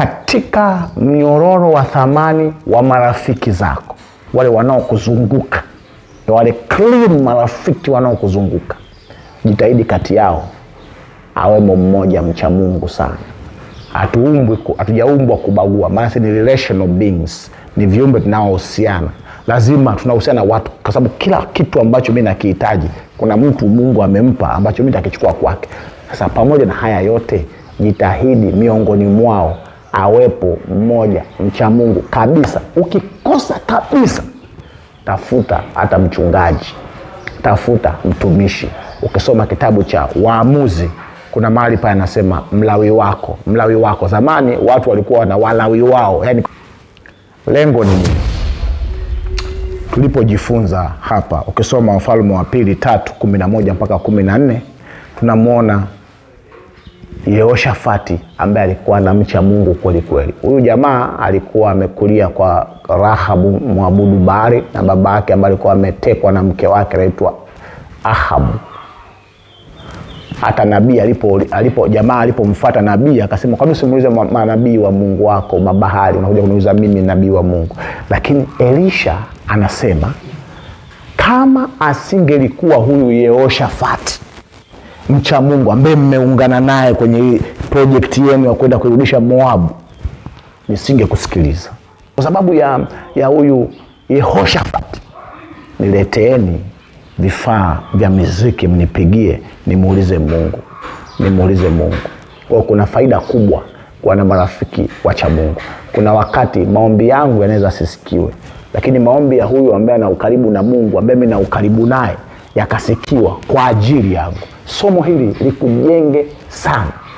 katika mnyororo wa thamani wa marafiki zako, wale wanaokuzunguka na wale clean marafiki wanaokuzunguka, jitahidi kati yao awemo mmoja mcha Mungu sana. Hatuumbwi, hatujaumbwa kubagua, maana ni relational beings, ni viumbe tunaohusiana. Lazima tunahusiana na watu, kwa sababu kila kitu ambacho mi nakihitaji kuna mtu Mungu amempa ambacho mi nitakichukua kwake. Sasa pamoja na haya yote, jitahidi miongoni mwao awepo mmoja mcha Mungu kabisa. Ukikosa kabisa, tafuta hata mchungaji, tafuta mtumishi. Ukisoma kitabu cha Waamuzi kuna mahali pale anasema mlawi wako, mlawi wako. Zamani watu walikuwa na walawi wao, yani lengo ni nini? Tulipojifunza hapa, ukisoma Wafalme wa Pili tatu kumi na moja mpaka kumi na nne tunamwona Yehoshafati ambaye alikuwa na mcha Mungu kweli kweli. Huyu jamaa alikuwa amekulia kwa Rahabu mwabudu Baali na baba yake ambaye alikuwa ametekwa na mke wake anaitwa Ahabu. Hata nabii alipo, alipo jamaa alipomfuata nabii akasema, kwani usimuulize manabii wa Mungu wako mabahari, unakuja kuniuliza mimi nabii wa Mungu? Lakini Elisha anasema kama asingelikuwa huyu Yehoshafati mcha Mungu ambaye mmeungana naye kwenye projekti yenu ya kwenda kuirudisha Moabu, kusikiliza kwa sababu ya ya huyu Yehoshafati. Nileteeni vifaa vya miziki, mnipigie, nimuulize Mungu, nimuulize Mungu. Kwa kuna faida kubwa kuwa na marafiki wacha Mungu. Kuna wakati maombi yangu yanaweza sisikiwe lakini maombi ya huyu ambaye ana ukaribu na Mungu, ambaye mimi na ukaribu naye yakasikiwa kwa ajili yangu. Somo hili likujenge sana.